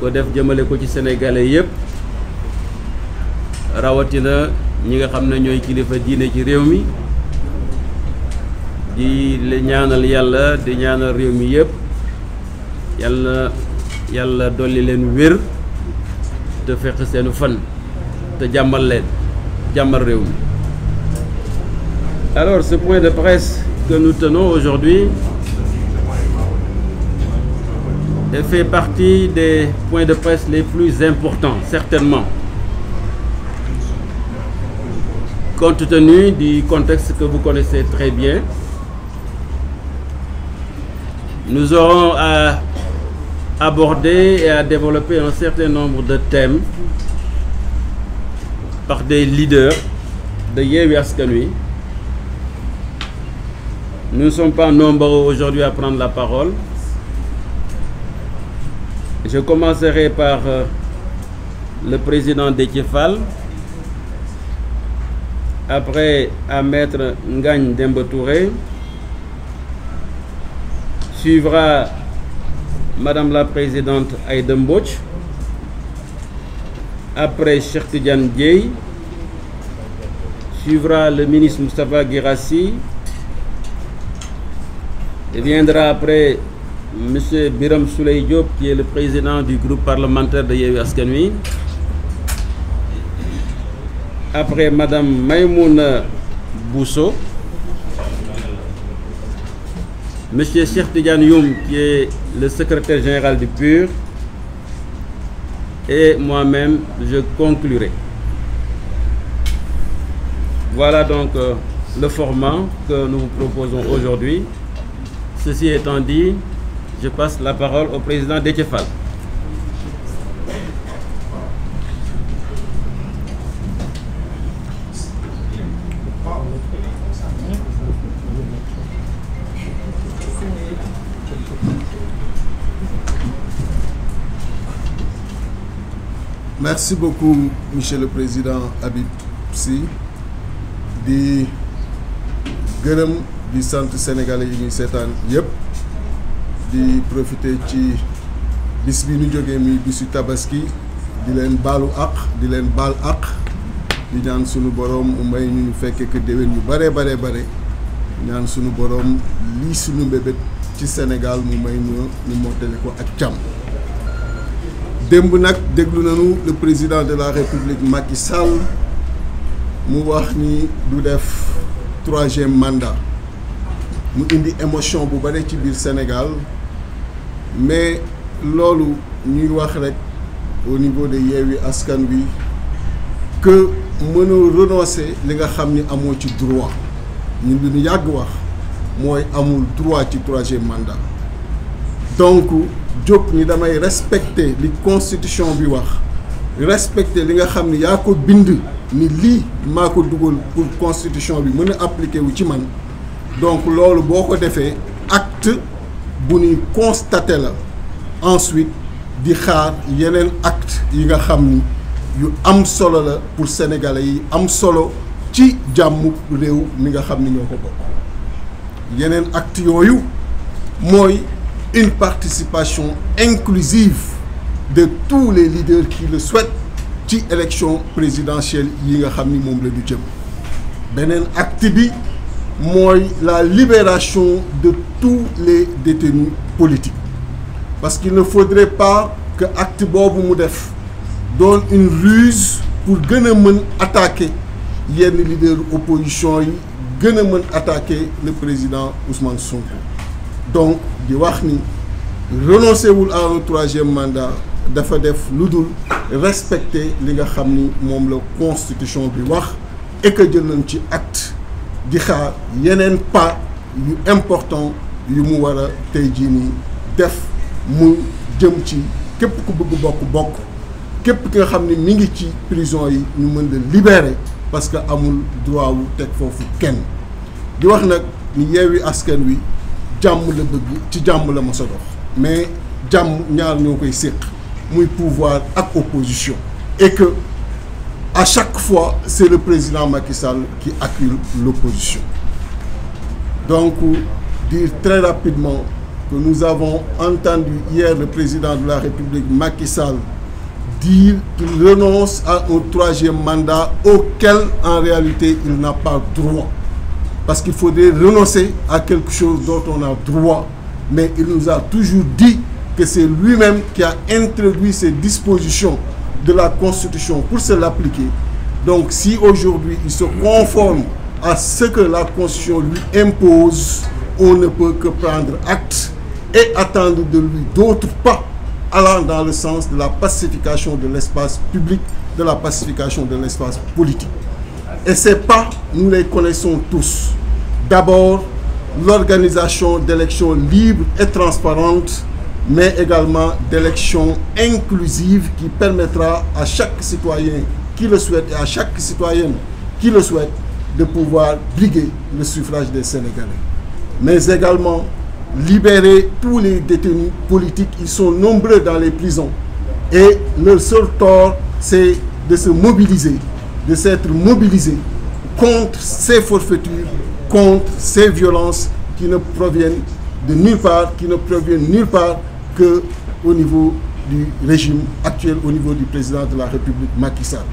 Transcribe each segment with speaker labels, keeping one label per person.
Speaker 1: ko def jëmale ko ci sénégalais yëpp rawatina ñi nga xam ne ñooy kilifa diine ci réew mi di ñaanal yàlla di ñaanal réew mi yëpp yàlla yàlla dolli leen wér te fekk seenu fan te jàmmal leen jàmmal réew mi alors ce point de presse que nous tenons aujourd'hui et fait partie des points de presse les plus importants, certainement, compte tenu du contexte que vous connaissez très bien. Nous aurons à aborder et à développer un certain nombre de thèmes par des leaders de Yewwi Askan Wi. Nous ne sommes pas nombreux aujourd'hui à prendre la parole. Je commencerai par euh, le président Détiefal, après à maître Ngagne Dembetouré, suivra Madame la Présidente Aydem Botch, après Cheikh Tidiane Dieye, suivra le ministre Moustapha Guirassi, et viendra après Monsieur Biram Souley Diop, qui est le président du groupe parlementaire de Yewi Askanui. Après Madame Maïmouna Bousso. Monsieur Cheikh Youm, qui est le secrétaire général du PUR. Et moi-même, je conclurai. Voilà donc euh, le format que nous vous proposons aujourd'hui. Ceci étant dit, Je passe la parole au président Déthié Fall.
Speaker 2: Merci beaucoup monsieur le président Habib di gërëm di sant sénégalais yi ñuy seetaan yëpp. di profité ci bis bi ñu jógee muy bisu tabaski di leen baalu àq di leen baal àq di ñaan sunu mu may ñu fekkee que déwén yu bare bare bare ñaan sunu borom lii suñu mbébét ci Sénégal mu may ñu ñu mottali ko ak càmm. démb nag déglu nañu le président de la république Macky Sall mu wax ni du def troisième mandat mu indi émotion bu bare ci biir Sénégal. mais loolu ñuy wax rek au niveau de Yewwi Askan Wi que mënoo renoncer li nga xam ni amoo ci droit ñun lu ñu yàgg wax mooy amul droit ci troisième mandat donc jóg ni damay respecter li constitution bi wax respecter li nga xam ni yaa ko bind ni lii maa ko dugal pour constitution bi mën a appliquer wu ci man donc loolu boo ko defee acte bu ñuy constaté la ensuite di xaar yeneen acte yi nga xam ni yu am solo la pour sénégalais yi am solo ci jàmm réew mi nga xam ni ñoo ko bokk yeneen acte yooyu mooy une participation inclusive de tous les leaders qui le souhaitent ci élection présidentielle yi nga xam ni moom la ñu jëm beneen acte bi mooy la libération de tous les détenus politiques parce qu'il ne faudrait pas que acte boobu mu def doon une ruse pour gën a mën attaquer yenn leader opposition yi gën a mën attaquer le président Ousmane Sonko donc di wax ni renoncé wul à un troisième mandat dafa def lu dul respecter li nga xam ni moom la constitution bi wax et que nañ ci acte di xaar yeneen pas yu important yu mu war a tey jii nii def mu jëm ci képp ku bëgg bokk bokk képp ki nga xam ni mi ngi ci prison yi ñu mën la libérer parce que amul droit wu teg foofu kenn di wax nag ni yeewi askan wi jàmm la bëgg ci jàmm la mos a mais jàmm ñaar ñoo koy séq muy pouvoir ak opposition et à chaque fois c'est le président Macky Sall qui accule l'opposition donc dire très rapidement que nous avons entendu hier le président de la République Macky Sall qu'il renonce à un troisième mandat auquel en réalité il n'a pas droit parce qu'il faudrait renoncer à quelque chose dont on a droit mais il nous a toujours dit que c'est lui-même qui a introduit ces dispositions de la Constitution pour se l'appliquer. Donc si aujourd'hui il se conforme à ce que la Constitution lui impose, on ne peut que prendre acte et attendre de lui d'autres pas allant dans le sens de la pacification de l'espace public, de la pacification de l'espace politique. Et ces pas, nous les connaissons tous. D'abord, l'organisation d'élections libres et transparentes mais également d'élections inclusives qui permettra à chaque citoyen qui le souhaite et à chaque citoyenne qui le souhaite de pouvoir briguer le suffrage des Sénégalais. Mais également libérer tous les détenus politiques. Ils sont nombreux dans les prisons et leur seul tort, c'est de se mobiliser, de s'être mobilisés contre ces forfaitures, contre ces violences qui ne proviennent de nulle part, qui ne proviennent nulle part que au niveau du régime actuel, au niveau du président de la République, Macky Sall.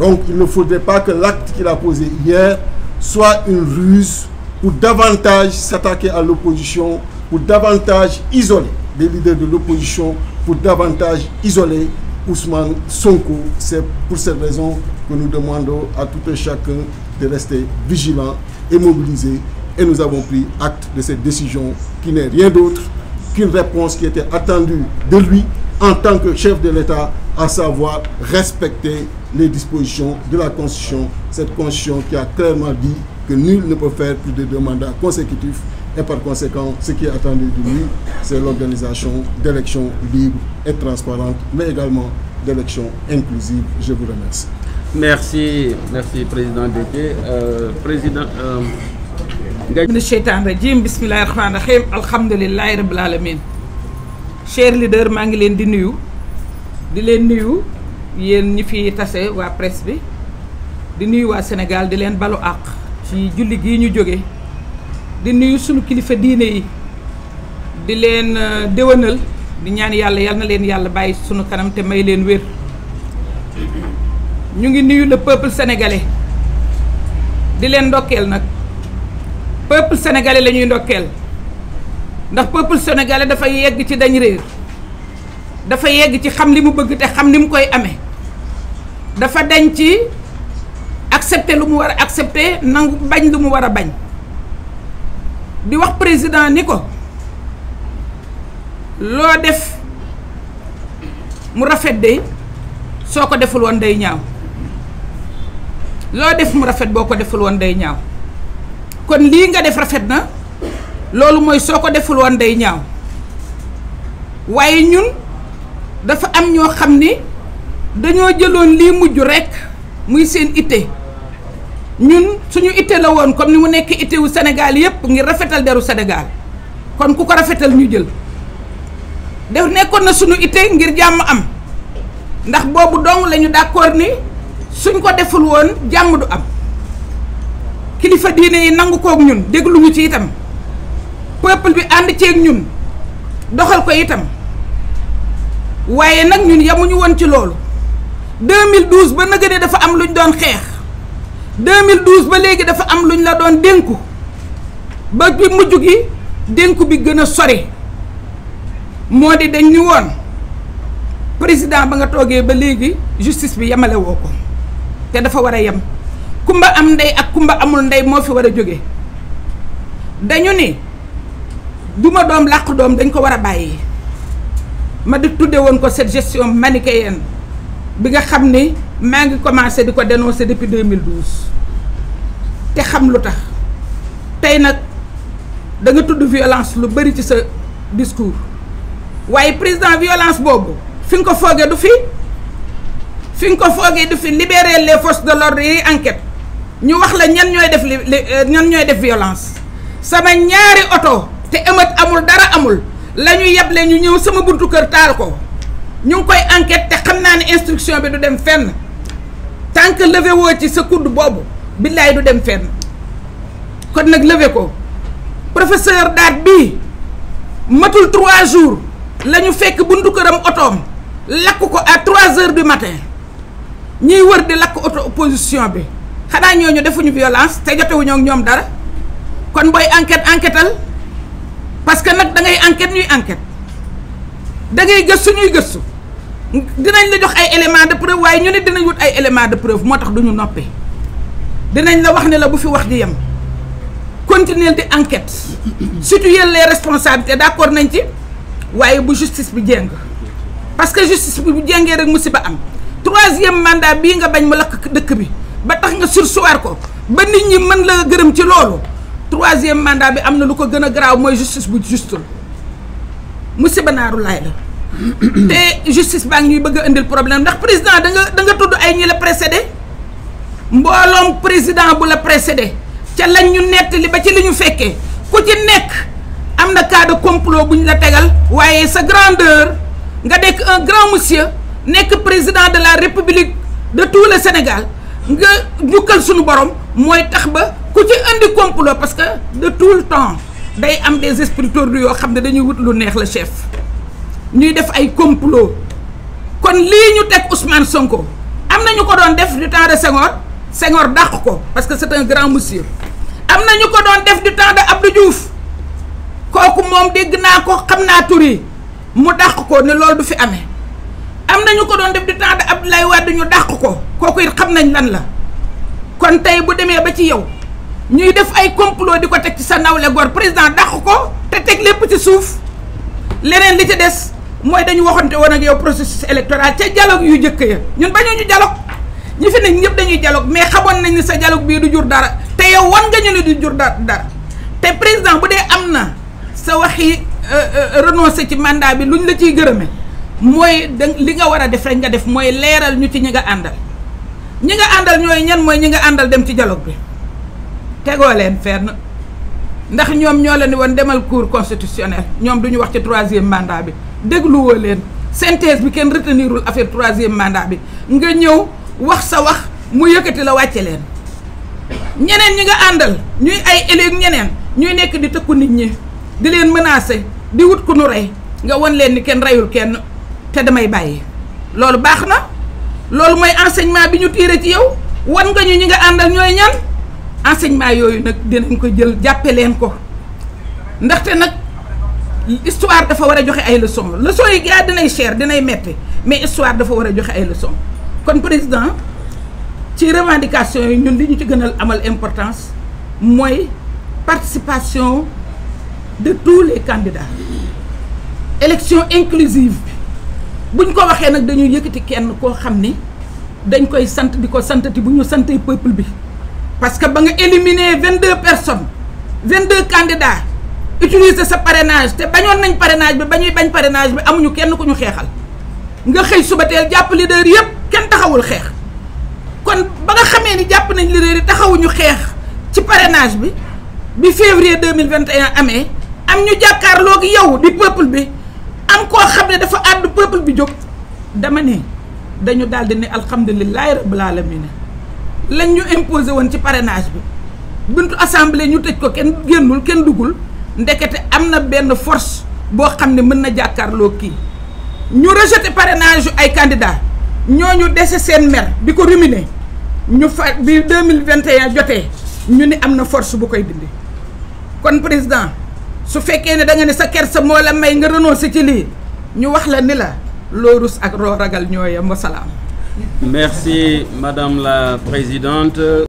Speaker 2: Donc il ne faudrait pas que l'acte qu'il a posé hier soit une ruse pour davantage s'attaquer à l'opposition, pour davantage isoler les leaders de l'opposition, pour davantage isoler Ousmane Sonko. C'est pour cette raison que nous demandons à tout un chacun de rester vigilant et mobilisé. Et nous avons pris acte de cette décision qui n'est rien d'autre qu'une réponse qui était attendue de lui en tant que chef de l'État, à savoir respecter les dispositions de la Constitution, cette Constitution qui a clairement dit que nul ne peut faire plus de deux mandats consécutifs et par conséquent, ce qui est attendu de lui, c'est l'organisation d'élections libres et transparentes, mais également d'élections inclusives. Je vous remercie.
Speaker 1: Merci, merci Président Dété. Euh, président, euh...
Speaker 3: mina sheytaan rajim bismillahi rahmaani rahim alhamdulilahi rabil alamin cher leader maa ngi leen di nuyu di leen nuyu yéen ñi fi tase waa presse bi di nuyu waa senegal di leen balu àq ci julli gi ñu jóge di nuyu suñu kilifa diine yi di leen euh, déwénal di ñaan yàlla yal na leen yàlla bàyyi sunu kanam te may leen wér ñu ngi nuyu le peuple sénégalais di leen ndokkeel nag peuple sénégalais la ñuy ndokkeel ndax peuple sénégalais dafa yegg ci dañ réer dafa yegg ci xam li mu bëgg te xam ni mu koy amee dafa dañ ci accepter lu mu war a accepter nangu bañ lu mu war a bañ di wax président ni ko loo def mu rafet de soo ko deful woon day ñaaw loo def mu rafet boo ko deful woon day ñaaw kon lii nga def rafet na loolu mooy soo ko deful woon day ñaaw waaye ñun dafa am ñoo xam ni dañoo jëloon lii mujj rekk muy seen ite ñun suñu itte la woon comme ni mu nekk itte senegal Sénégal yépp ngir rafetal deru Sénégal kon ku ko rafetal ñu jël def nekkoon na suñu ite ngir jàmm am ndax boobu dong lañu d'accord ni suñ ko deful woon jàmm du am kilifa diine yi nangu kook ñun dégluñu ci itam peuple bi ànd ceeg ñun doxal ko itam waaye nag ñun yamuñu woon ci loolu 2012 ba naga dafa am lu luñ doon xeex 2012 ba léegi dafa am luñ la doon dénku ba bi mujj gi dénku bi gën a sori moo di dañ ñu woon président ba nga toogee ba léegi justice bi yemale woo ko te dafa war a yem kumba am ndey ak kumba amul ndey moo fi war a jóge dañu ni duma doom làq doom dañ ko war a bàyyi ma di tudde woon ko cette gestion manichéenne bi nga xam ni maa ngi commencé di ko dénoncer depuis 2012 te xam lu tax tey nag danga tudd violence lu bëri ci sa discours waaye président violence boobu fi nga ko foogee du fi fi nga ko foogee du fi libérer les forces de l'ordre yi enquête ñu wax la ñan ñooy def li euh, ñan ñooy def violence sama ñaari oto te ëmat amul dara amul la ñu yeble ñu ñëw sama buntu kër taal ko ñu ngi koy enquête te xam naa ni instruction bi du dem fenn tant que ci sa kudd boobu billaay du dem fenn kon nag levé ko professeur daat bi matul trois jours lañu ñu fekk buntu këram otoom lakk ko à trois heures du matin ñiy wër di lakk oto opposition bi xanaa ñooñu defuñu violence te jotewuñoo ak ñoom dara kon booy enquête enquêtal parce que nag da ngay enquête ñuy enquête da ngay gëstu ñuy gëstu dinañ la jox ay éléments de preuve waaye ñu ne dinañ wut ay éléments de preuve moo tax duñu noppe dinañ la wax ne la bu fi wax di yem continuer di enquête situer les responsabilités d'accord nañ ci waaye bu justice bi jéng parce que justice bi bu jéngee rek musiba am troisième mandat bii nga bañ mu lakk dëkk bi ba tax nga sursuwaar ko ba nit ñi mën la gërëm ci loolu troisième mandat bi am na lu ko gën a garaaw mooy justice bu justul musiba naaru laay la te justice baa ngi ñuy bëgg a indil problème ndax président da nga da nga tudd ay ñi la précédé mbooloom président bu la précédé ca lañ nett li ba ci li ñu fekkee ku ci nekk am na cas de bu ñu la tegal waaye sa grandeur nga nekk un grand monsieur nekk président de la république de tout le Sénégal nga jukkal suñu borom mooy tax ba ku ci indi complot parce que de tout le temps day am des esprits tordus yoo xam ne dañuy wut lu neex la chef ñuy def ay complot kon lii ñu teg Ousmane Sonko am na ñu ko doon def du temps de Senghor Senghor dàq ko parce que c'est un grand monsieur am na ñu ko doon def di temps de Abdou Diouf kooku moom dégg naa ko xam naa tur mu dàq ko ne loolu du fi amee. am nañu ko doon def du temps de Abdoulaye Wade ñu dàq ko kooku it xam nañ lan la kon tey bu demee ba ci yow ñuy def ay complot di ko teg ci sa nawle gor président dàq ko te teg lépp ci suuf leneen li ci des mooy dañu waxante woon ak yow processus électoral ca dialogue yu njëkk ya ñun bañu ñu dialogue ñi fi ne ñëpp dañuy dialogue mais xamoon nañ ne sa dialogue bii du jur dara te yow wan nga ñu ne du jur dara te président bu dee am na sa waxi euh, euh, renoncé ci mandat bi luñ la ciy gërëme mooy li nga war a def rek nga def mooy leeral ñu ci ñi àndal ñi nga àndal ñooy ñan mooy ñi nga àndal dem ci dialogue bi tegoo leen na ndax ñoom ñoo la ne woon demal cour constitutionnel ñoom du ñu wax ci troisième mandat bi dégluwoo leen synthèse bi kenn retenirul affaire troisième mandat bi nga ñëw wax sa wax mu yëkkati la wàcce leen ñeneen ñi nga àndal ñuy ay élèves ñeneen ñuy nekk di tëkku nit ñi di leen menacer di wut ku nu rey nga won leen ni kenn reyul kenn te damay bàyyi loolu baax na loolu mooy enseignement bi ñu tiire ci yow wan nga ñu ñi nga àndal ñooy ñan enseignement yooyu nag dinañ ko jël jàppe leen ko ndaxte nag histoire dafa war a joxe ay leçon leçon yi gaa dinay cher dinay metti mais histoire dafa war a joxe ay leçon kon président ci revendication yi ñun li ñu ci gënal amal importance mooy participation de tous les candidats élection inclusive buñ ko waxee nag dañuy yëkkati kenn koo xam ni dañ koy sant di ko santati bu ñu santee peuple bi parce que ba nga éliminer vingt deux personnes vingt deux candidats utiliser sa parrainage te bañoon nañ parrainage bi bañuy bañ parrainage bi amuñu kenn ku ñu xeexal nga xëy suba teel jàpp leader yëpp kenn taxawul xeex kon ba nga xamee ni jàpp nañ leader yi taxawuñu xeex ci parrainage bi bi février deux mille vingt et amee am ñu jàkkaarloo ak yow di peuple bi. am koo xam ne dafa ànd peuple bi jóg dama ne dañu daal di ne alhamdulilahi rabbil alamina lañ ñu imposé woon ci parrainage bi buntu assemblée ñu tëj ko kenn génnul kenn duggul ndekete am na benn force boo xam ne mën na jàkkaarloo kii ñu rejeté parrainage yu ay candidat ñooñu dese seen mer bi ko ruminer ñu fa bi 2021 jotee ñu ni am na force bu koy dindi kon président su fekkee ne da nga ne sa kersa moo la may nga renoncer ci lii ñu wax la ni la loo rus ak loo ragal ñooyam wasalaam
Speaker 1: merci madame la présidente